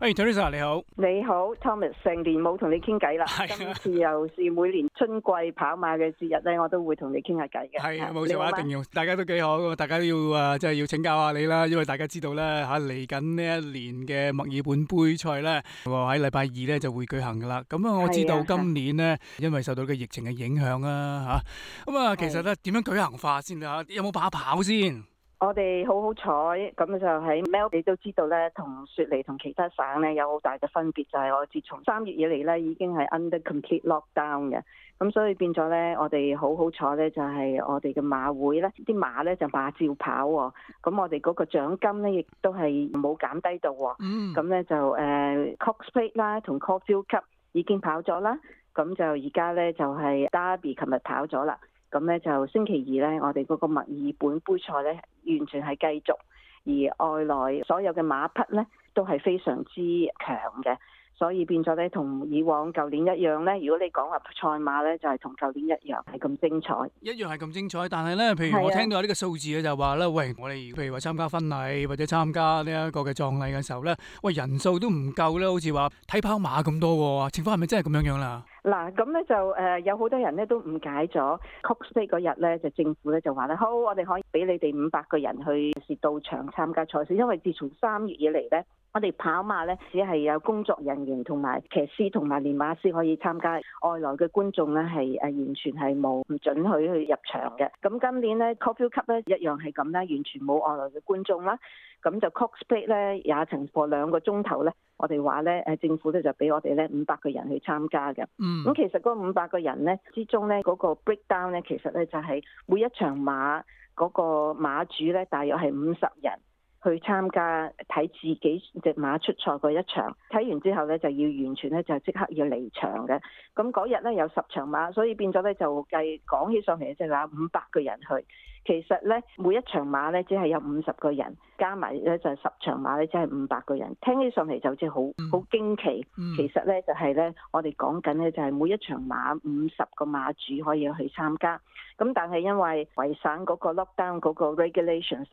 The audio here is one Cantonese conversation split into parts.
喂、hey，Teresa 你好，你好，Thomas 成年冇同你傾偈啦，是啊、今次又是每年春季跑馬嘅節日咧，我都會同你傾下偈嘅。係冇錯，一定要大家都幾好，大家都要啊，即係要請教下你啦，因為大家知道咧，吓嚟緊呢一年嘅墨爾本杯賽咧，喺禮拜二咧就會舉行噶啦。咁啊，我知道今年咧，是啊、因為受到嘅疫情嘅影響啊，吓咁啊，其實咧點是樣舉行法先啊？有冇把跑先？我哋好好彩，咁就喺 Mel，你都知道咧，同雪梨同其他省咧有好大嘅分別，就係、是、我自從三月以嚟咧已經係 under complete lockdown 嘅，咁所以變咗咧，我哋好好彩咧，就係、是、我哋嘅馬會咧，啲馬咧就馬照跑喎，咁我哋嗰個獎金咧亦都係冇減低到喎，咁咧就誒、uh, c o s p l a t e 啦同 cox c 焦級已經跑咗啦，咁就而家咧就係、是、d a r b y 琴日跑咗啦。咁咧就星期二咧，我哋嗰個墨爾本杯賽咧，完全係繼續，而外來所有嘅馬匹咧，都係非常之強嘅。所以變咗咧，同以往舊年一樣咧。如果你講話賽馬咧，就係同舊年一樣，係咁精彩。一樣係咁精彩，但係咧，譬如我聽到有呢個數字咧，的就話咧，喂，我哋譬如話參加婚禮或者參加呢一個嘅葬禮嘅時候咧，喂，人數都唔夠咧，好似話睇跑馬咁多，情況係咪真係咁樣喇樣啦？嗱，咁咧就誒，有好多人咧都誤解咗，Cup Day 嗰日咧就政府咧就話咧，好，我哋可以俾你哋五百個人去是到場參加賽事，因為自從三月以嚟咧。我哋跑馬呢，只係有工作人員同埋騎師同埋練馬師可以參加，外來嘅觀眾呢，係誒完全係冇唔准許去入場嘅。咁今年呢，Coffey Cup 呢，一樣係咁啦，完全冇外來嘅觀眾啦。咁就 Cox Plate 呢，也曾過兩個鐘頭呢。我哋話呢，政府呢，就俾我哋呢五百個人去參加嘅。嗯，咁其實嗰五百個人呢之中呢，嗰、那個 breakdown 呢，其實呢，就係、是、每一場馬嗰、那個馬主呢，大約係五十人。去參加睇自己隻馬出賽嗰一場，睇完之後呢，就要完全呢，就即刻要離場嘅。咁嗰日呢，有十場馬，所以變咗呢，就計講起上嚟就係五百個人去。.其實咧，每一場馬咧，只係有五十個人加埋咧，就十、係、場馬咧，即係五百個人。聽起上嚟就即係好好驚、嗯、奇。嗯、其實咧，就係、係、咧，我哋講緊咧，就係每一場馬五十個馬主可以去參加。咁但係因為維省嗰個 lockdown 嗰個 regulations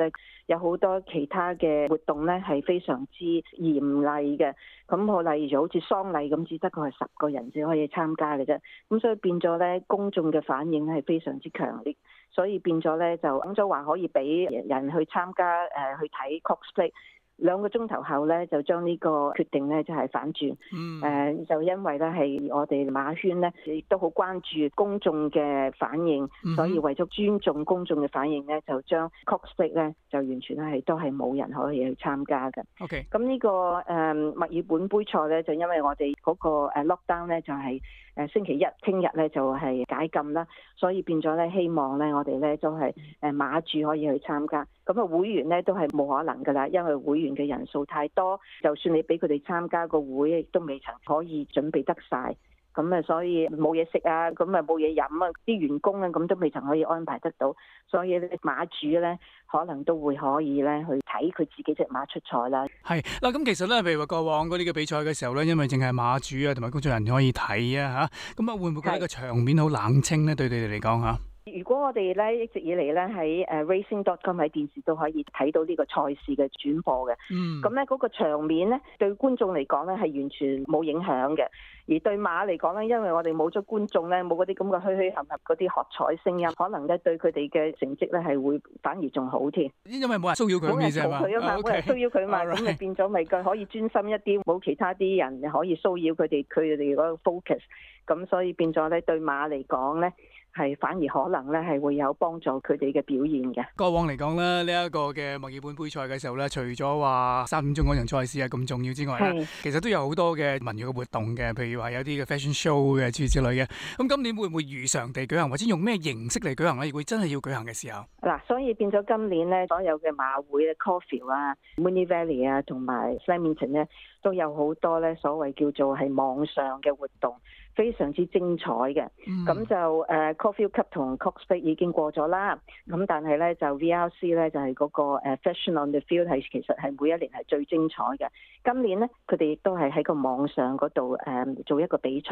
有好多其他嘅活動咧係非常之嚴厲嘅。咁好，例如好似喪禮咁，只得佢係十個人先可以參加嘅啫。咁所以變咗咧，公眾嘅反應係非常之強烈。所以變咗咧，就等咗還可以俾人去參加誒、呃，去睇 cosplay。兩個鐘頭後咧，就將呢個決定咧就係、是、反轉。誒、嗯呃、就因為咧係我哋馬圈咧亦都好關注公眾嘅反應，嗯、哼所以為咗尊重公眾嘅反應咧，就將 Cox Plate 咧就完全係都係冇人可以去參加嘅。咁呢 Okay.、這個誒墨爾本杯賽咧，就因為我哋嗰個 lockdown 咧就係、是、誒星期一聽日咧就係、是、解禁啦，所以變咗咧希望咧我哋咧都係誒馬主可以去參加。咁啊，會員咧都係冇可能㗎啦，因為會員嘅人數太多，就算你俾佢哋參加個會，都未曾可以準備得晒。咁啊，所以冇嘢食啊，咁啊冇嘢飲啊，啲員工咧，咁都未曾可以安排得到。所以馬主咧，可能都會可以咧，去睇佢自己隻馬出賽啦。係嗱，咁其實咧，譬如話過往嗰啲嘅比賽嘅時候咧，因為淨係馬主啊同埋工作人員可以睇啊嚇，咁啊會唔會覺得個場面好冷清咧？是對，對你哋嚟講嚇？如果我哋咧一直以嚟咧喺誒 racing.com，喺電視都可以睇到呢個賽事嘅轉播嘅，嗯，咁咧嗰個場面咧對觀眾嚟講咧係完全冇影響嘅。而對馬嚟講咧，因為我哋冇咗觀眾咧，冇嗰啲咁嘅墟墟冚冚嗰啲喝彩聲音，可能咧對佢哋嘅成績咧係會反而仲好添。因為冇人騷擾佢哋啫，佢啊嘛，冇人騷擾佢啊嘛，咁咪變咗咪個可以專心一啲，冇其他啲人可以騷擾佢哋，佢哋嗰個 focus。咁所以變咗咧，對馬嚟講咧，係反而可能咧係會有幫助佢哋嘅表現嘅。過往嚟講咧，呢、這、一個嘅墨爾本杯賽嘅時候咧，除咗話三點鐘嗰場賽事係咁重要之外是其實都有好多嘅文娛嘅活動嘅，譬如，話有啲嘅 fashion show 嘅諸如之類嘅，咁今年會唔會如常地舉行，或者用咩形式嚟舉行咧？如果真係要舉行嘅時候，嗱，所以變咗今年咧，所有嘅馬會咧 Caulfield 啊，Moonee Valley 啊，同埋 Flemington 咧、啊。都有好多呢，所謂叫做係網上嘅活動，非常之精彩嘅。咁、嗯、就誒 Caulfield Cup 同 Cox Plate 已經過咗啦。咁但係呢，就 VRC 呢，就係、是、嗰個 Fashion on the Field 係其實係每一年係最精彩嘅。今年呢，佢哋亦都係喺個網上嗰度誒做一個比賽，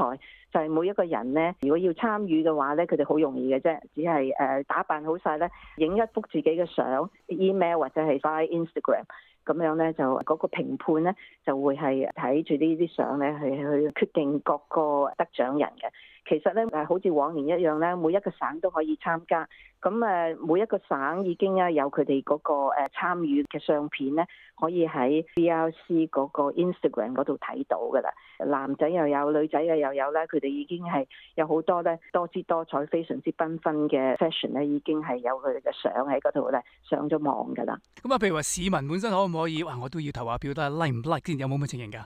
就係、是、每一個人呢，如果要參與嘅話呢，佢哋好容易嘅啫，只係誒打扮好晒呢，影一幅自己嘅相，email 或者係 by Instagram。咁樣咧，就嗰個評判咧，就會係睇住呢啲相咧，係去決定各個得獎人嘅。其實咧誒，好似往年一樣咧，每一個省都可以參加。咁誒，每一個省已經啊有佢哋嗰個誒參與嘅相片咧，可以喺 VRC 嗰個 Instagram 嗰度睇到㗎啦。男仔又有，女仔嘅又有啦。佢哋已經係有好多咧多姿多彩、非常之繽紛嘅 fashion 咧，已經係有佢哋嘅相喺嗰度咧上咗網㗎啦。咁啊，譬如話市民本身可唔可以？哇，我都要投下票啦，like 唔 like 之前有冇咩情形㗎？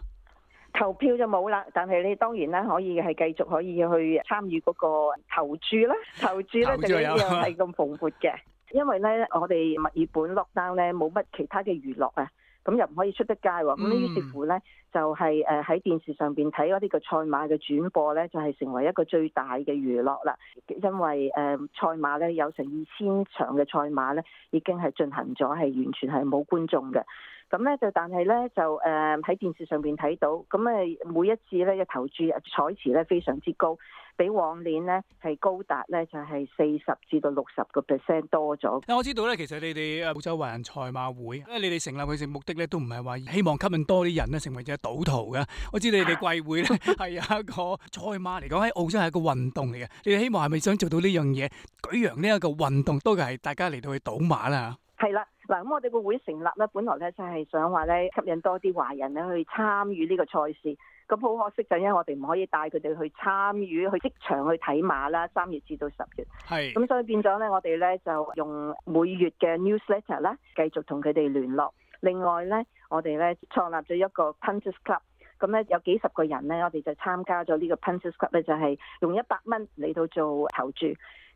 投票就冇啦，但係你當然咧可以係繼續可以去參與嗰個投注啦，投注咧定係咁蓬勃嘅， 因為咧我哋墨爾本 lockdown 咧冇乜其他嘅娛樂啊，咁又唔可以出得街喎，咁、嗯、於是乎咧就係誒喺電視上邊睇嗰啲個賽馬嘅轉播咧，就係、是、成為一個最大嘅娛樂啦，因為誒、呃、賽馬咧有成二千場嘅賽馬咧，已經係進行咗係完全係冇觀眾嘅。咁咧就，但係咧就誒喺電視上邊睇到，咁誒每一次咧一投注彩池咧非常之高，比往年咧係高達咧就係四十至到六十個 percent 多咗。啊，我知道咧，其實你哋澳洲華人賽馬會，你哋成立佢哋目的咧都唔係話希望吸引多啲人咧成為隻賭徒嘅。我知你哋貴會咧係有一個賽馬嚟講喺澳洲係一個運動嚟嘅。你哋希望係咪想做到呢樣嘢，舉揚呢一個運動都係大家嚟到去賭馬啦？係啦。嗱，咁我哋個會成立咧，本來咧就係想話咧吸引多啲華人咧去參與呢個賽事，咁好可惜就因為我哋唔可以帶佢哋去參與，去即場去睇馬啦，三月至到十月。係。咁所以變咗咧，我哋咧就用每月嘅 newsletter 咧，繼續同佢哋聯絡。另外咧，我哋咧創立咗一個 Punters Club，咁咧有幾十個人咧，我哋就參加咗呢個 Punters Club 咧，就係用一百蚊嚟到做投注。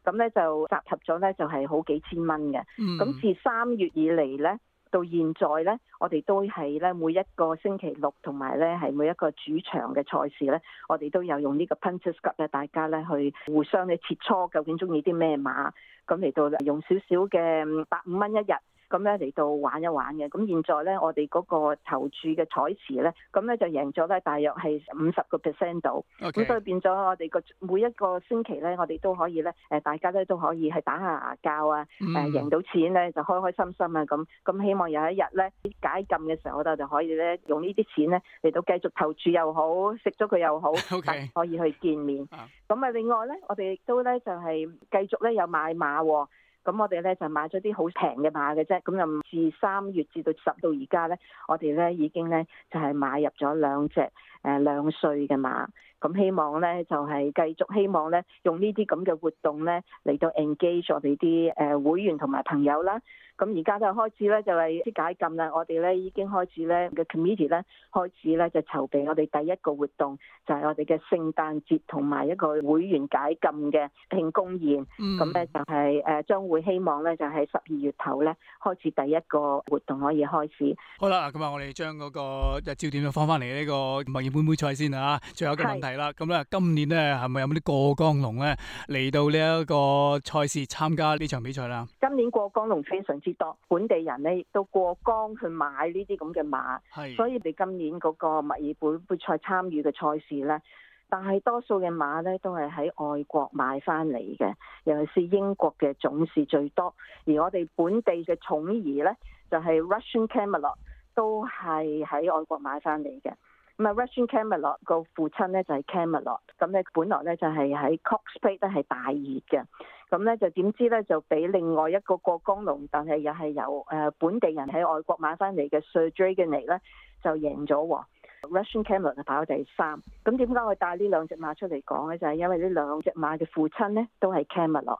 咁咧就集合咗咧，就係好幾千蚊嘅。咁自三月以嚟咧，到現在咧，我哋都係咧每一個星期六同埋咧係每一個主場嘅賽事咧，我哋都有用呢個 Punters Cup 嘅大家咧去互相去切磋，究竟中意啲咩馬，咁嚟到用少少嘅百五蚊一日。咁咧嚟到玩一玩嘅，咁現在咧我哋嗰個投注嘅彩池咧，咁咧就贏咗咧，大約係五十個 percent 度。咁所以變咗我哋個每一個星期咧，我哋都可以咧，誒大家咧都可以係打下牙鉸啊，誒、啊、贏到錢咧就開開心心啊，咁咁、mm. 希望有一日咧解禁嘅時候呢，我哋就可以咧用呢啲錢咧嚟到繼續投注又好，食咗佢又好，Okay. 可以去見面。咁啊，另外咧，我哋亦都咧就係繼續咧有買馬喎。咁我哋咧就買咗啲好平嘅馬嘅啫，咁由至三月至到十到而家咧，我哋咧已經咧就係、是、買入咗兩隻誒兩歲嘅馬，咁希望咧就係、是、繼續希望咧用呢啲咁嘅活動咧嚟到 engage 我哋啲誒會員同埋朋友啦。咁而家就開始咧，就係啲解禁啦。我哋咧已經開始咧嘅 committee 咧開始咧就籌備我哋第一個活動，就係、是、我哋嘅聖誕節同埋一個會員解禁嘅慶功宴。咁咧、嗯、就係誒將會希望咧就喺十二月頭咧開始第一個活動可以開始。好啦，咁啊，我哋將嗰個日照點放翻嚟呢個墨爾本杯賽先啊！最後有一個問題啦，咁咧是今年咧係咪有冇啲過江龍咧嚟到呢一個賽事參加呢場比賽啦？今年過江龍非常之～本地人咧亦都過江去買呢啲咁嘅馬，是所以你今年嗰個墨爾本杯賽參與嘅賽事咧，但係多數嘅馬咧都係喺外國買翻嚟嘅，尤其是英國嘅種是最多，而我哋本地嘅寵兒咧就係、是、Russian Camelot 都係喺外國買翻嚟嘅。咁啊，Russian Camelot 個父親咧就係、是、Camelot，咁咧本來咧就係、是、喺 Cox Plate 都係大熱嘅。咁咧就點知咧就俾另外一個郭江龍，但係又係由誒本地人喺外國買翻嚟嘅 Sergey 嘅尼咧就贏咗喎，Russian Camel 就跑第三。咁點解我帶呢兩隻馬出嚟講咧？就係、是、因為呢兩隻馬嘅父親咧都係 Camelot。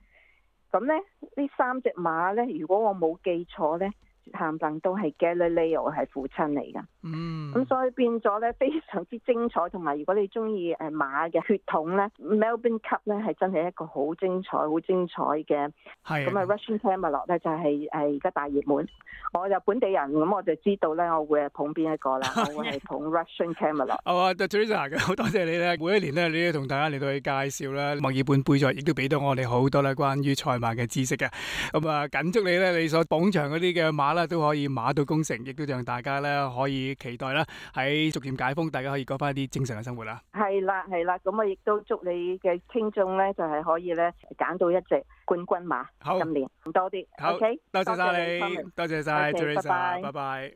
咁咧，呢三隻馬咧，如果我冇記錯咧，可能都係 Galileo 係父親嚟㗎。嗯，咁所以變咗咧，非常之精彩。同埋，如果你中意誒馬嘅血統咧，Melbourne Cup 咧係真係一個好精彩、好精彩嘅。係的。咁啊，Russian Camelot 咧就係誒而家大熱門。我係本地人，咁我就知道咧，我會捧邊一個啦。 我會係捧 Russian Camelot。好啊，Teresa 嘅，好多謝你咧。每一年咧，你都同大家嚟到去介紹啦，墨爾本杯賽亦都俾到我哋好多咧關於賽馬嘅知識嘅。咁啊，緊祝你咧，你所捧場嗰啲嘅馬啦，都可以馬到功成，亦都讓大家咧可以。期待啦，喺逐漸解封，大家可以過翻一啲正常嘅生活啦。係啦，係啦，咁我亦都祝你嘅聽眾咧，就係可以咧揀到一隻冠軍馬。好，今年多啲。好，多謝晒你，多謝晒 Teresa，拜拜。